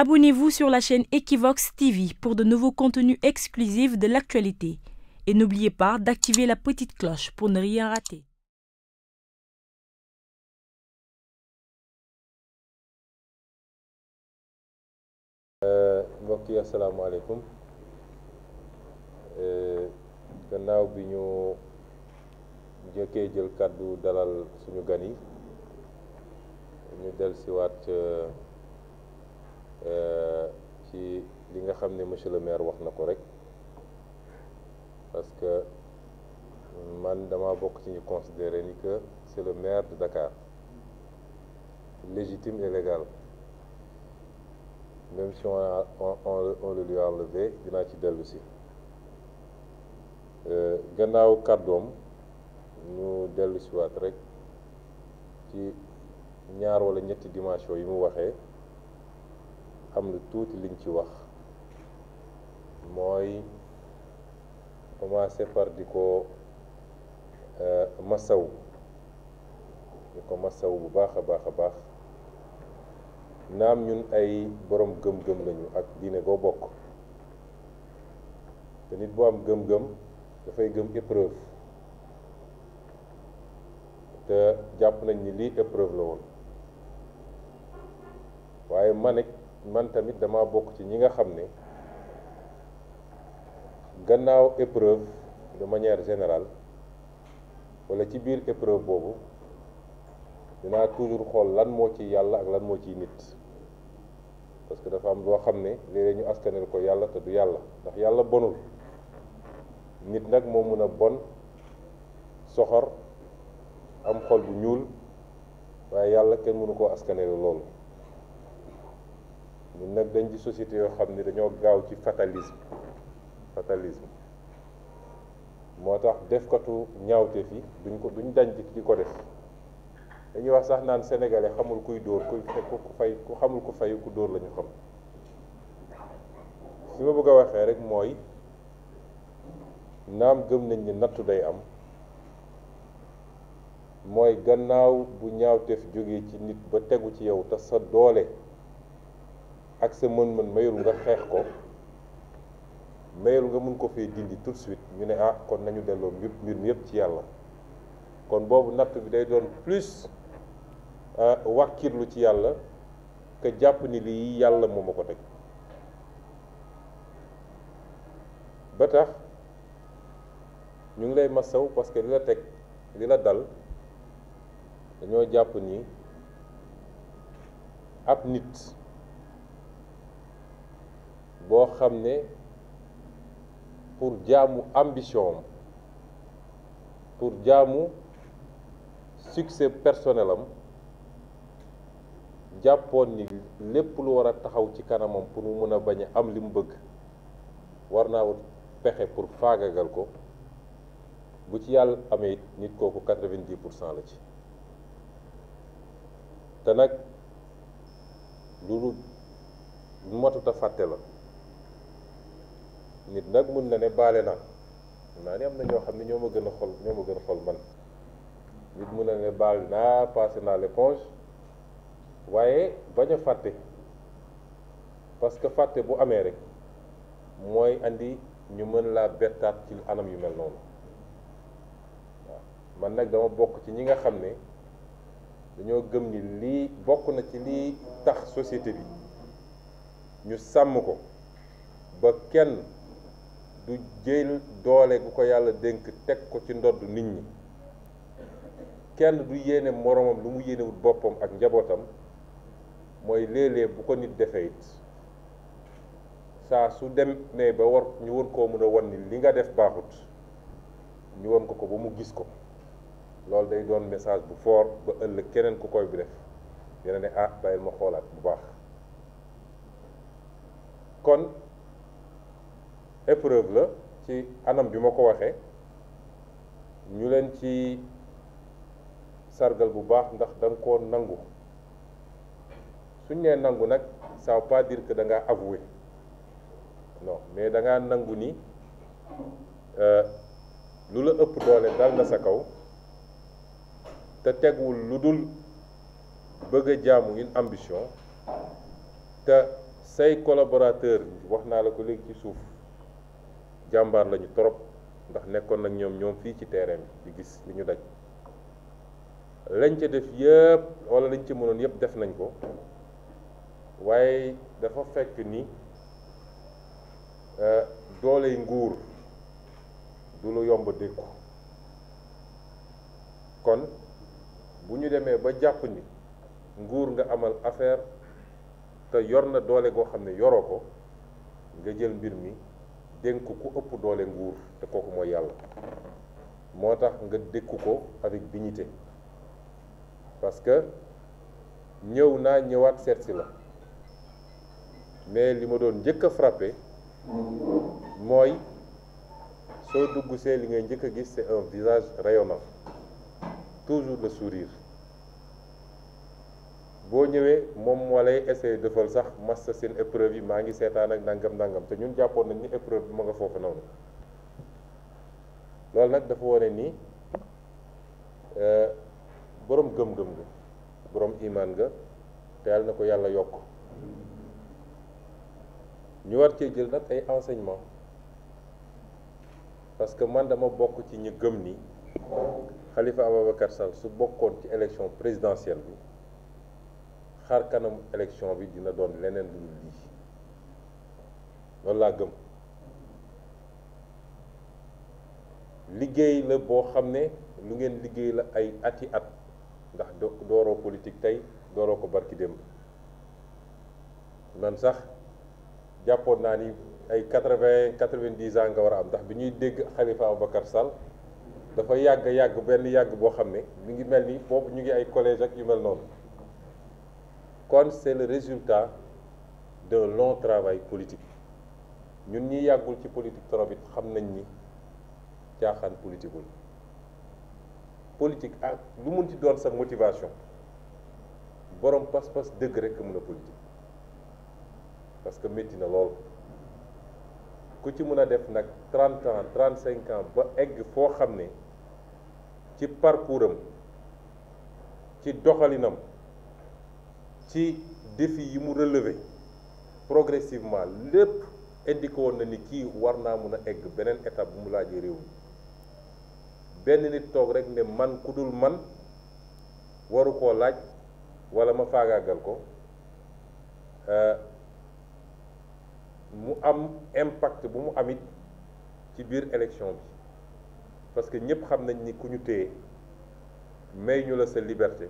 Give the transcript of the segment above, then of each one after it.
Abonnez-vous sur la chaîne Equivox TV pour de nouveaux contenus exclusifs de l'actualité. Et n'oubliez pas d'activer la petite cloche pour ne rien rater. Euh, euh, bi ñu kàddu dalal suñu gan yi Euh, ci li nga xam ne monsieur le maire wax na ko rek parce que man dama bokk ci ñu considérer ni que c'est le maire de Dakar légitime et légal même si on a on on, on le lui a enlevé dinaa ci dellusi si euh, gannaaw kàddoom ñu dellu siwaat rek ci ñaar wala ñetti dimension yi mu waxee xam lu tuuti liñ ci wax mooy commencé par di ko euh, masaw di bu baax a baax a baax naam ñun ay boroom gëm-gëm lañu ak diine goo bokk te nit bu am gëm-gëm dafay gëm épreuve te jàpp nañ ni lii la woon waaye man man tamit dama bokk ci ñi nga xam ne gannaaw épreuve de manière générale wala ci biir épreuve boobu dinaa toujours xool lan moo ci yàlla ak lan moo ci nit parce que dafa am loo xam ne léeg ñu askanel ko yàlla te du yàlla ndax yàlla bonul nit nag moo mun a bon soxor am xol bu ñuul waaye yàlla kenn mënu koo askanelu loolu ñun nag dañ di société yoo xam ni dañoo gaaw ci fatalisme fatalisme moo tax defkatu ñaawte fi duñ ko duñ dañ di ko def dañuy wax sax naan sénégalais xamul kuy dóor kuy ku fay ku xamul ku fayu ku dóor lañu xam si ma bëgg a waxee rek mooy naam gëm nañ ni nattu day am mooy gannaaw bu ñaawteef jógee ci nit ba tegu ci yow te sa doole ak sa mën-mën mayul nga xeex ko mayul nga mun ko fi dindi tout de suite ñu ne ah kon nañu delloo mbir mbir mi yëpp ci yàlla kon boobu natt bi day doon plus ah, wàkkirlu ci yàlla que jàpp ni lii yàlla moo ma ko teg ba tax ñu ngi lay masaw parce que li la teg li la dal dañoo jàpp nii ab nit boo xam ne pour jaamu ambition am pour jaamu succès personnel am jàppoon ni lépp lu war a taxaw ci kanamam pour mu mën a bañ a am li mu bëgg war naa wut pexe pour faagagal ko bu ci yàlla amee nit kooku quatre vingt pour cent la ci te nag loolu matut a fàtte la nit nag mun na ne baale na naa ni am na ñoo xam ne ñoo ma gën a xol ñoo ma gën a xol man nit mun na ne baal naa passé naa l'éponge waaye bañ a fàtte parce que fàtte bu amee rek mooy indi ñu mën laa bettaat ci anam yu mel noonu waaw man nag dama bokk ci ñi nga xam ne dañoo gëm ni lii bokk na ci lii tax société bi ñu sàmm ko ba kenn du jël doole gu ko yàlla dénk teg ko ci ndodd nit ñi kenn du yéene moromam lu mu yéenewut boppam ak njabootam mooy léeg-léeg bu ko nit defee it saa su demee ba war ñu won koo mën a wan ni li nga def baaxut ñu won ko ko ba mu gis ko loolu day doon message bu foor ba ëllëg keneen ku koy bi def dina ne ah bàyyil ma xoolaat bu baax kon épreuve la ci anam bi ma ko waxee ñu leen ci sargal bu baax ndax da nga koo nangu suñ nee nangu nag ça veut pas dire que da ngaa avoué mais danga nangu ni euh, lu la ëpp doole dal na sa kaw te tegwul lu dul bëgg a jaamu une ambition te say collaborateur wax naa la ko léegi ci suuf jàmbaar lañu torop ndax nekkoon nag ñoom ñoom fii ci terrain bi di gis li ñu daj lañ ca def yëpp wala lañ ci mënoon yëpp def nañ ko waaye dafa fekk ni euh, dooley nguur du lu yomb dékku kon bu ñu demee ba jàpp ni nguur nga amal affaire te yor na doole goo xam ne yoroo ko nga jël mbir mi dénk ku ëpp doole nguur te kooku mooy yàlla moo tax nga dékku ko avec dignité parce que ñëw naa ñëwaat seet la mais li ma doon njëkk a mooy soo dugg see li ngay njëkk a gis c'est un visage rayonna toujours le sourire boo ñëwee moom moo lay essayé defal sax mas sa seen épreuve yi maa ngi seetaan ak nangam ndàngam te ñun jàppoon nañ ni épreuve bi ma nga foofu noonu loolu nag dafa wane ni euh, borom gëm-gëm nga borom imaan ga te yàlla na ko yàlla yokk ñu war cee jël nag ay enseignement parce que man dama bokk ci ñu gëm ni Khalifa Ababacar Sall su bokkoon ci élection présidentielle bi xaar kanamu élection bi dina doon leneen lu lii loolu laa gëm liggéey la boo xam ne lu ngeen liggéey la ay ati at ndax dooroo politique tey dooroo ko barki démb man sax jàppoon naa ni ay quatre-vingt quatre-vingt-dix ans nga war a am ndax bi ñuy dégg Khalifa Ababacar Sall dafa yàgg yàgg benn yàgg boo xam ne mi ngi mel ni boobu ñu ngi ay collège ak yu mel noonu kon c'est résultat d'un long travail politique ñun ñi yàggul ci politique trop xam nañ ni caaxaan politiqueul politique ak lu mun ci doon sa motivation borom pas-pas dëgg rek mun a politique parce que métti na lool ku ci mun a def nag trente ans trente ba egg foo xam ne ci parcours am ci doxalinam ci défi yi mu relever progressivement lépp indi ko woon na ni kii war naa mun a egg beneen étape bu mu laajee réew benn nit toog rek ne man ku dul man warukoo laaj walla ma faagaagal ko euh, mu am impact bu mu amit ci biir élection bi parce que ñëpp xam nañ ni ku ñu téye may ñu la sa liberté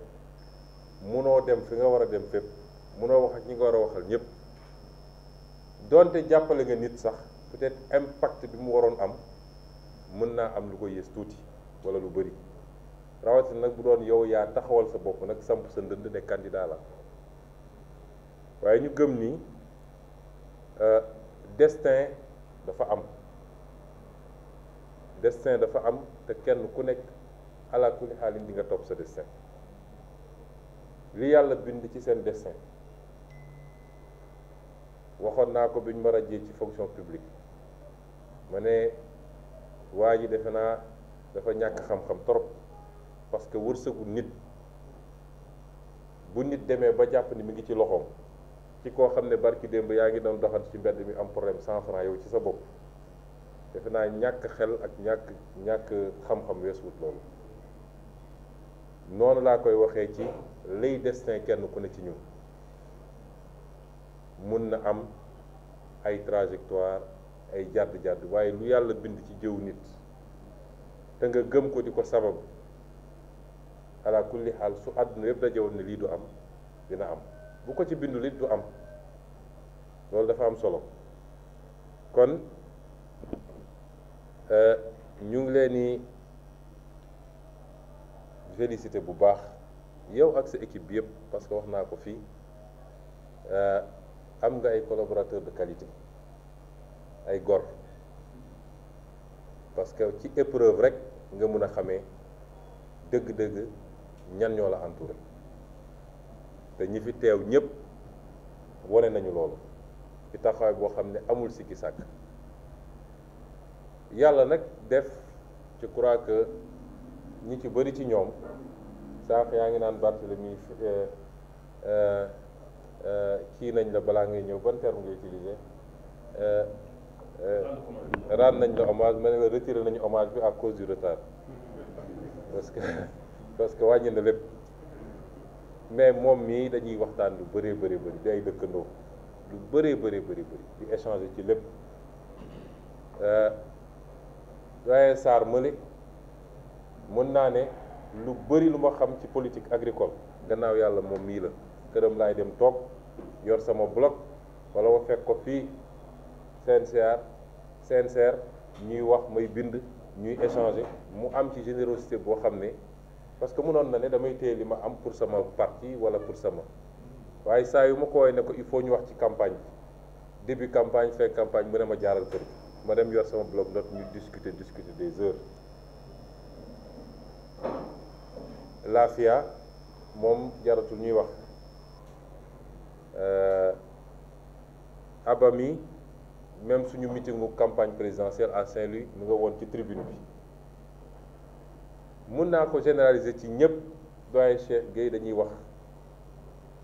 munoo dem fi nga war a dem fépp munoo wax ak ñi nga war a waxal ñëpp donte jàppale nga nit sax peut-être impact bi mu waroon am mën naa am lu ko yées tuuti walla lu bëri rawatina nag bu doon yow yaa taxawal sa bopp nag samp sa ndënd ne candidat la waaye ñu gëm ni euh, destin dafa am destin dafa am te kenn ku nekk ala kulli xaalim nga topp sa destin li yàlla bind ci seen destin waxoon naa ko bi ñu ma ràjjee ci fonction publique ma ne waa ji defe naa dafa ñàkk xam-xam trop parce que wërsëgu nit bu nit demee ba jàpp ni mi ngi ci loxoom ci koo xam ne barki démb yaa ngi doon doxal ci mbedd mi am problème cent franc yow ci sa bopp defe naa ñàkk xel ak ñàkk ñàkk xam-xam weesuwut loolu noonu laa koy waxee ci lay destin kenn ku ne ci ñun mun na am ay trajectoire ay jàdd-jàdd waaye lu yàlla bind ci jëw nit te nga gëm ko di ko sabab ala kulli xaal su àdduna yëpp dajewoon ne lii du am dina am bu ko ci bindu it du am loolu dafa am solo kon euh, ñu ngi leen di félicité bu baax yow ak sa équipe bi yëpp parce que wax naa ko fii euh, am nga ay collaborateur de qualité ay gor parce que ci épreuve rek nga mun a xamee dëgg-dëgg ñan ñoo la entouré te ñi fi teew ñëpp wane nañu loolu ci taxawaay boo xam ne amul sikki sàkk yàlla nag def je crois que ñi ci bëri ci ñoom sànq yaa ngi naan Barthélemy euh, euh, euh, kii nañ la balaa ngay ñëw ban terme ngay utiliser rendre nañ la hommage ma ne la nañu hommage bi à cause du retard parce que parce que wàññi na lépp mais moom mii dañuy waxtaan lu bëree bëri bëri di ay dëkkandoo lu bëree bëri bëri bëri échanger ci lépp doyen Sarr Mëli mën naa ne. lu bëri lu ma xam ci politique agricole gannaaw yàlla moom mii la këram laay dem toog yor sama block wala ma fekk ko fii CNCR CNCR ñuy wax may bind ñuy échanger mu am ci générosité boo xam ne parce que mënoon na ne damay téye li ma am pour sama parti wala pour sama waaye saa yu ma ko woowee ne ko il faut ñu wax ci campagne bi début campagne fin campagne mu ne ma jaaral kër ma dem yor sama bloc note ñu discuter discuter des heures laafiya moom jaratul ñuy wax euh, abami même suñu meetingu campagne présidentielle à Saint-Louis mu nga woon ci tribune bi mun naa ko généraliser ci ñëpp doyen Cheikh Gueye dañuy wax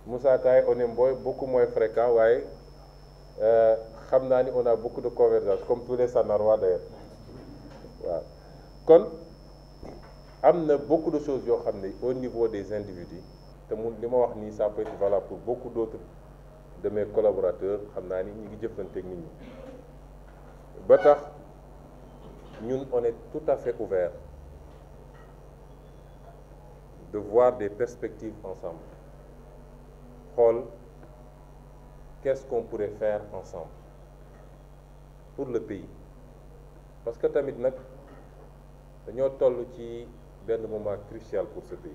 Moussa Taye on est boy beaucoup moins fréquent waaye euh, xam naa ni on a bokk de convergence comme tous les Sanarois d'ailleurs waaw kon am na beaucoup de choses yoo xam ne au niveau des individus te mu li ma wax nii ça peut être pour beaucoup d'autres de mes collaborateurs xam naa ni ñu ngi jëflante ak nit ñi ba tax ñu on est tout à fait ouvert de voir des perspectives ensemble xool qu'est-ce qu'on pourrait faire ensemble pour le pays parce que tamit nag dañoo toll ci benn moment crucial pour ce pays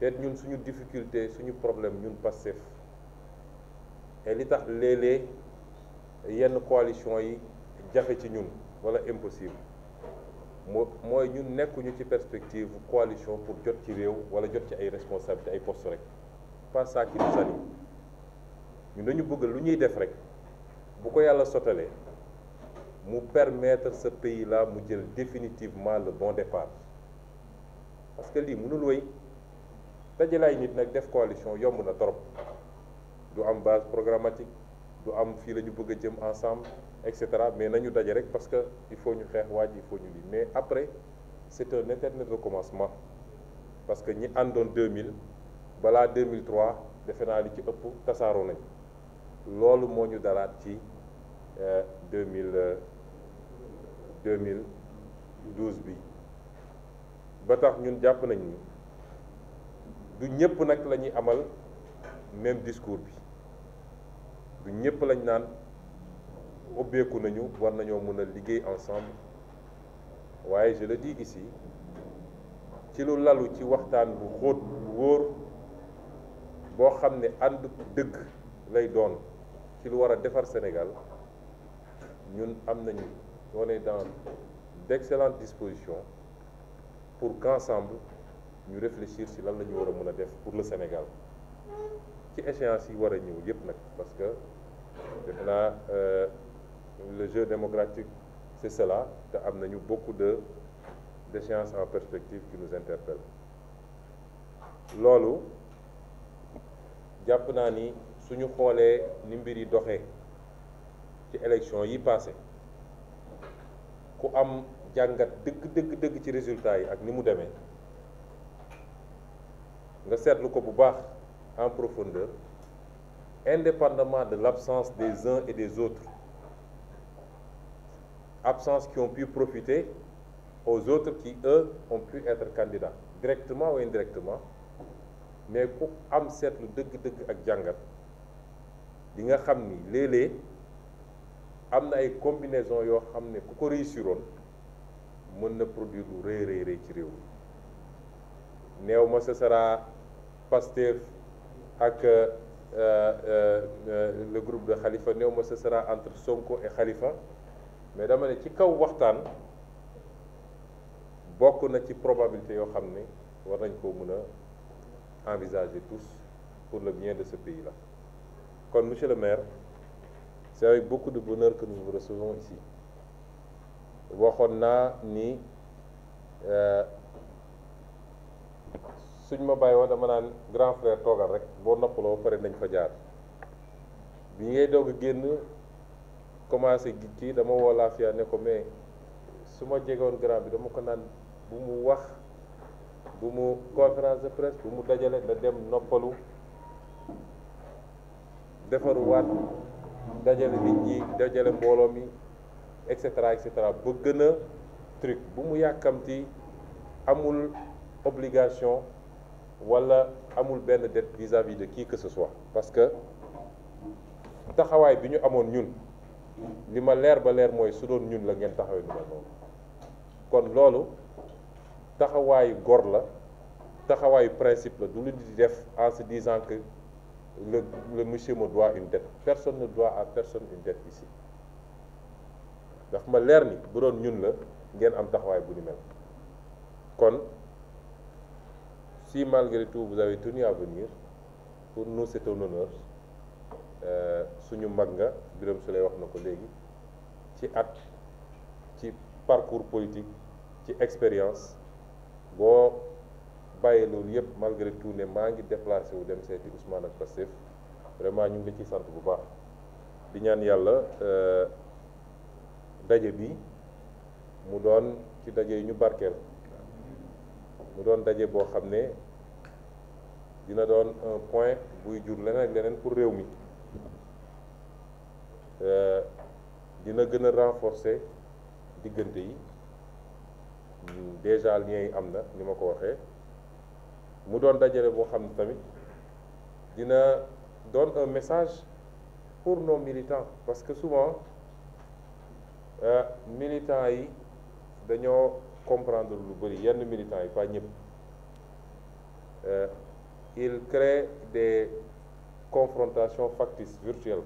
peut ñun suñu difficulté suñu problème ñun Pastef e li tax léeg-léeg yenn coalition yi jafe ci ñun wala impossible moo mooy ñun nekkuñu ci perspective coalition pour jot ci réew wala jot ci ay responsabilité ay post rek pas ça qui nous ñun dañu bëgg lu ñuy def rek bu ko yàlla sottalee mu permettre ce pays la mu jël définitivement le bon départ parce que lii mënul wéy dajale ay nit nag def coalition yomb na trop du am base programmatique du am fii la ñu bëgg a jëm ensemble et cetera mais nañu daje rek parce que il faut ñu xeex waaj il faut ñu lii mais après c'est un éternel recommencement parce que ñi àndoon 2000 balaa 2003 defe naa li ci ëpp tasaaroo nañ loolu moo ñu dalaat ci 2000 euh, 2012 euh, bi. ba tax ñun jàpp nañ ni du ñëpp nag lañuy amal même discours bi du ñëpp lañ naan ubbeeku nañu war nañoo mën a liggéey ensemble waaye je la dis ici ci lu lalu ci waxtaan bu xóot bu wóor boo xam ne ànd dëgg lay doon ci lu war a defar Sénégal ñun am nañu on est dans d'excellentes disposition pour qu'ensemble ñu réfléchir ci lan la ñu war a mën a def pour le Sénégal ci échéance yi war a ñëw yépp nag parce que defe naa euh, le jeu démocratique c'est cela te am nañu beaucoup de d'échéances en perspective qui nous interpellent loolu jàpp naa ni suñu xoolee ni mbir yi doxee ci élection yi passé ku am jàngat dëgg dëgg dëgg ci résultat yi ak ni mu demee nga seetlu ko bu baax en profondeur indépendament de l'absence des uns et des autres absence qui ont pu profiter aux autres qui eux ont pu être candidats directement ou indirectement mais ku am seetlu dëgg-dëgg ak jàngat di nga xam ni léeg-léeg am na ay combinaison yoo xam ne ku ko réussiroon mën na produit lu rëy rëy ci réew mi néew ma ce sera Pastef ak euh, euh, euh, le groupe de Khalifa néew ma ce sera entre Sonko et Khalifa mais dama ne ci kaw waxtaan bokk na ci probabilité yoo xam ne war nañ koo mën a envisager tous pour le bien de ce pays là kon monsieur le maire c'est ay beaucoup de bu que nous vous recevons ici waxoon naa ni euh, suñ ma bàyyi woon dama naan grand frère toogal rek boo noppaloo pare nañ fa jaar bi ngay doog génn commencé gi dama woo Lafia ne ko mais su ma jegoon grand bi dama ko naan bu mu wax bu mu conférence de presse bu mu dajale na dem noppalu defaruwaat dajale nit ñi dajale mbooloo mi et cetera et cetera ba gën a truc bu mu yàkkamti amul obligation wala amul benn dette vis-à-vis de kii que ce soit parce que taxawaay bi ñu amoon ñun li ma leer ba leer mooy su doon ñun la ngeen taxawee lu mel noonu kon loolu taxawaayu góor la taxawaayu principe la du lu di def en se disant que le le monsieur me doit une dette personne ne doit à personne une dette ici daf ma leer ni buroon ñun la ngeen am taxawaay bu ni mel kon si malgré tout vous avez tenu à venir pour nous c'est un euh, suñu mag nga Birame Souleye wax na ko léegi ci at ci parcours politique ci expérience boo bàyyi loolu yëpp malgré tout ne maa ngi déplacé wu dem seeti Ousmane ak Pastef vraiment ñu ngi la ciy sant bu baax di ñaan yàlla euh, daje bi mu doon ci daje yi ñu barkeel mu doon daje boo xam ne dina doon un point buy jur leneen ak leneen pour réew mi euh, dina gën a renforcer diggante yi déjà liens yi am na ñu ma ko waxee mu doon dajale boo xam ne tamit dina doon un message pour nos militants parce que souvent Euh, militants yi dañoo comprendre lu bëri yenn militants yi pas ñëpp euh, il crée des confrontations factices virtuelles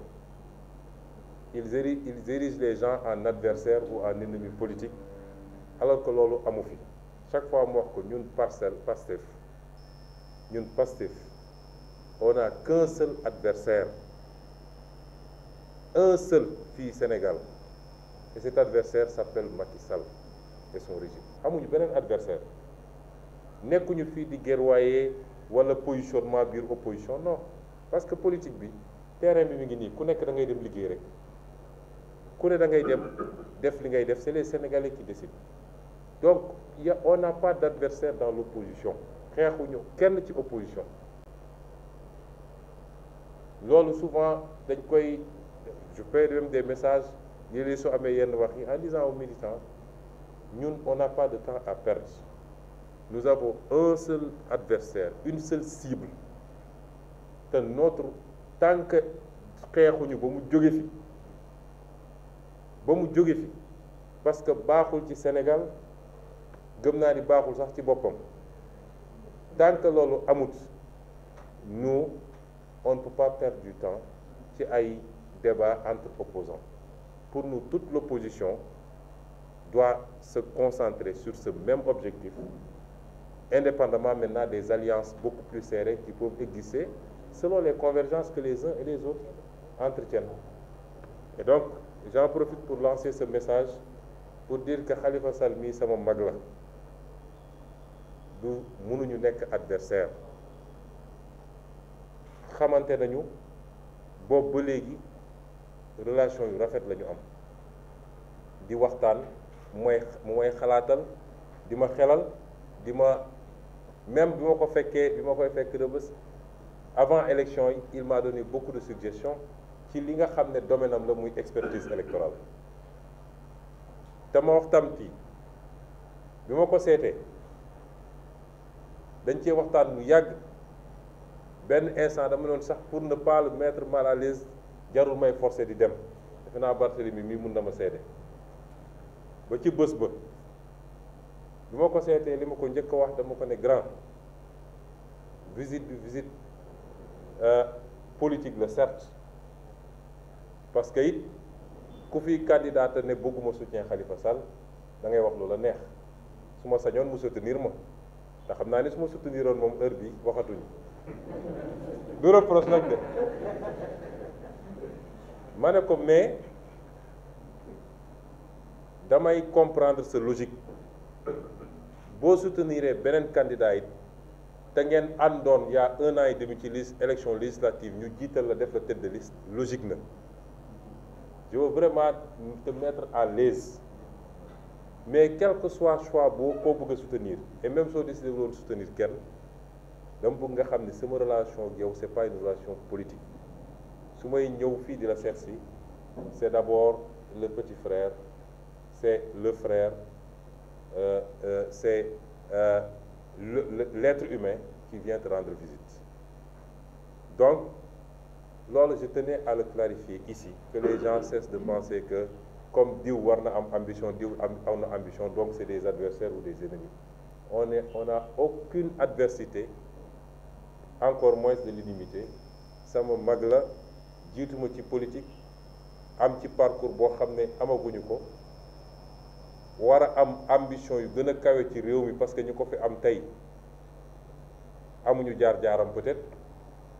il érigent il érigent les gens en adversaires ou en ennemis politiques alors que loolu amu fi chaque fois mu wax ko ñun parcelle Pastef ñun Pastef on n'a qu'un seul adversaire un seul fii Sénégal et cet adversaire s'appelle Macky Sall et son régime amuñu beneen adversaire nekkuñu fii di guerroyer wala positionnement biir opposition no parce que politique bi terrain bi mi ngi nii ku nekk da ngay dem liggéey rek ku ne da ngay dem def li ngay def c'est les Sénégalais qui décident donc y a on n'a pas d'adversaire dans l'opposition xeexuñu kenn ci opposition loolu souvent dañ koy je perds même des messages léeg-léeg soo amee yenn wax yi en disant aux militants ñun on n'a pas de temps à perdre nous avons un seul adversaire une seule cible te notre tant xeexuñu ba mu jóge fi ba mu jóge fi parce que baaxul ci Sénégal gëm naa ni baaxul sax ci boppam tant loolu amut nous on ne peut pas perdre du temps ci ay débat entre opposants pour nous, toute l'opposition doit se concentrer sur ce même objectif, indépendamment maintenant des alliances beaucoup plus serrées qui peuvent exister, selon les convergences que les uns et les autres entretiennent. Et donc, j'en profite pour lancer ce message pour dire que Khalifa Salmi sama mag la du mënuñu nekk adversaire xamante nañu boobu ba léegi relation yu rafet lañu am di waxtaan mu may mu may xalaatal di ma xelal di ma même bi ma ko fekkee bi ma koy fekk rëbës avant élection yi il m'a donné beaucoup de suggestions ci li nga xam ne domaine am la muy expertise électorale te ma waxtaan ci bi ma ko seetee dañ cee waxtaan lu yàgg benn instant dama doon sax pour na pas le mettre jarul may forcé di dem defe naa Barthélemy mii mun na ma seede ba ci bës ba bi ma ko seetee li ma ko njëkk a wax dama ko ne grand visite bi visite euh, politique la certes parce que ku fi candidat ne bëgguma soutien Khalifa Sall da ngay wax lu la neex su ma sañoon mu soutenir ma te xam naa ni su ma souteniroon moom heure bi waxatuñu du reproche nag de ma ne ko mais damay comprendre sa logique boo soutenir beneen candidat it te ngeen àndoon y yaa un an demi ci liste élection législative ñu jiital la def la tête de logique na je vraiment te mettre à l'aise mais quel que soit choix boo koo bëgg a soutenir et même soo décidé loolu soutenir kenn dama bëgg nga xam ne sama relation ak yow c'est pas une relation politique su may ñëw fii di la seet si c'est d'abord le petit frère c'est le frère euh, euh, c'est euh, l'être humain qui vient te rendre visite donc loolu je tenais à le clarifier ici que les gens cessent de penser que comme diw war na am ambition diw am na ambition donc c'est des adversaires ou des ennemis on est on a aucune adversité encore moins de l'inimité sama mag la jiituma ci politique am ci parcours boo xam ne amaguñu ko war a am ambition yu gën a kawe ci réew mi parce que ñu ko fi am tey amuñu jaar-jaaram peut-être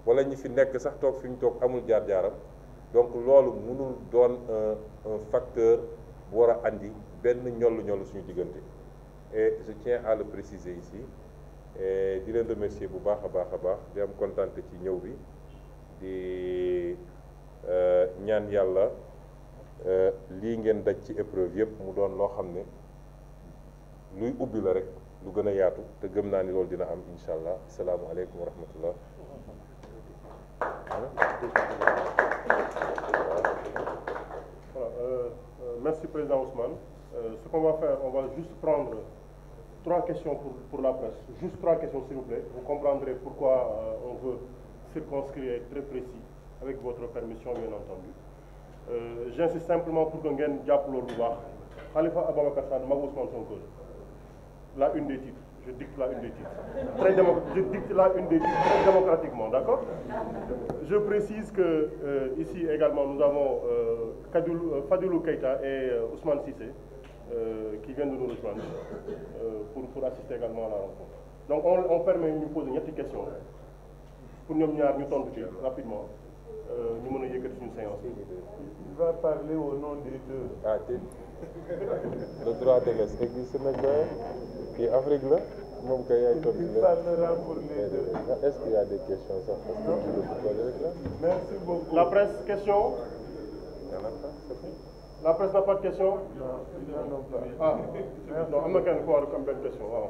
wala ñi fi nekk sax toog fi ñu toog amul jaar-jaaram donc loolu mënul doon un facteur bu war a indi benn ñollu ñollu suñu diggante et je tiens à le ici di leen remercier bu baax a baax a baax di am kontaan ci ñëw bi Euh, ñaan yàlla euh, lii ngeen daj ci épreuve yëpp mu doon loo xam ne luy ubbi la rek lu gën a yaatu te gëm naa ni loolu dina am incha allah salaamualeykum wa rahmatullah voilà euh, merci président Ousmane euh, ce qu'on va faire on va juste prendre trois questions pour pour la presse juste trois questions s'il vous plaît vous pourquoi euh, on veut circonscrire et très précis avec votre permission bien entendu euh, j'insiste simplement pour que ngeen jàpp loolu bu baax Khalifa Ababacar Sall mag Ousmane Sonko la une des titres la une des titres très démo je dicte la une des titres très démocratiquement d'accord je précise que euh, ici également nous avons euh, Kadjoulou euh, Fadilou Keita et euh, Ousmane Cissé euh, qui viennent de nous rejoindre pour pour assister également à la rencontre donc on on permet ñu poser ñetti question pour ñoom ñaar ñu tontu ci Euh, ñu mën a yëkkati suñu séance. il va parler au nom des deux. ah te le droit de l'Est existe nag ba kii Afrique la moom kay yaay tontu la il parlera pour les deux. est-ce qu'il y a des questions sax est-ce que tu veux rek la. merci beaucoup la presse question. La presse n'a pas de questions? Non, ah, non, am na kenn ku war a am benn question waaw.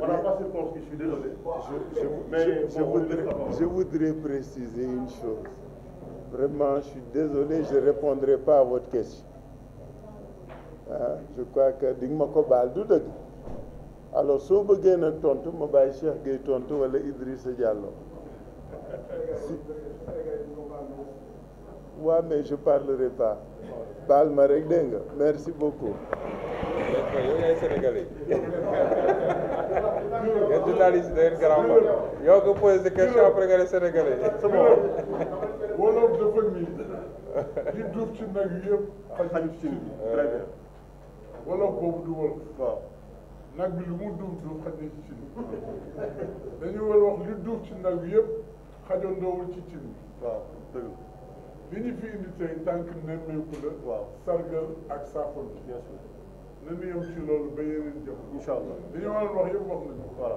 On n'a pas circonscrit, je suis désolé. Je, je, Mais je, bon, voudrais, je voudrais préciser une chose. Vraiment, je suis désolé, je ne répondrai pas à votre question. ah je crois que di nga ma ko baal du dëgg alors soo bëggee nag tontu ma bàyyi Cheikh Gueye tontu wala Idrissa Diallo si waaw ouais, mais je parlerai pas baal ma rek dégg nga merci beaucoup. journaliste de grand ba yow nga posé question après nga ne sénégalais wolof dafa nii li duuf ci nag yëpp xajul ci très bien wolof boobu du wolof waaw nag bi lu mu duuf duuf xajul ci cin dañu war wax li duuf ci nag yëpp xajandoowul ci cin waaw dëgg li ñu fi indi tey tànk nemmeeku la waaw sargal ak saafon bien sûr nañu yem ci loolu ba yeneen jëm incha allah li ñu waroon wax yëpp wax nañu voilà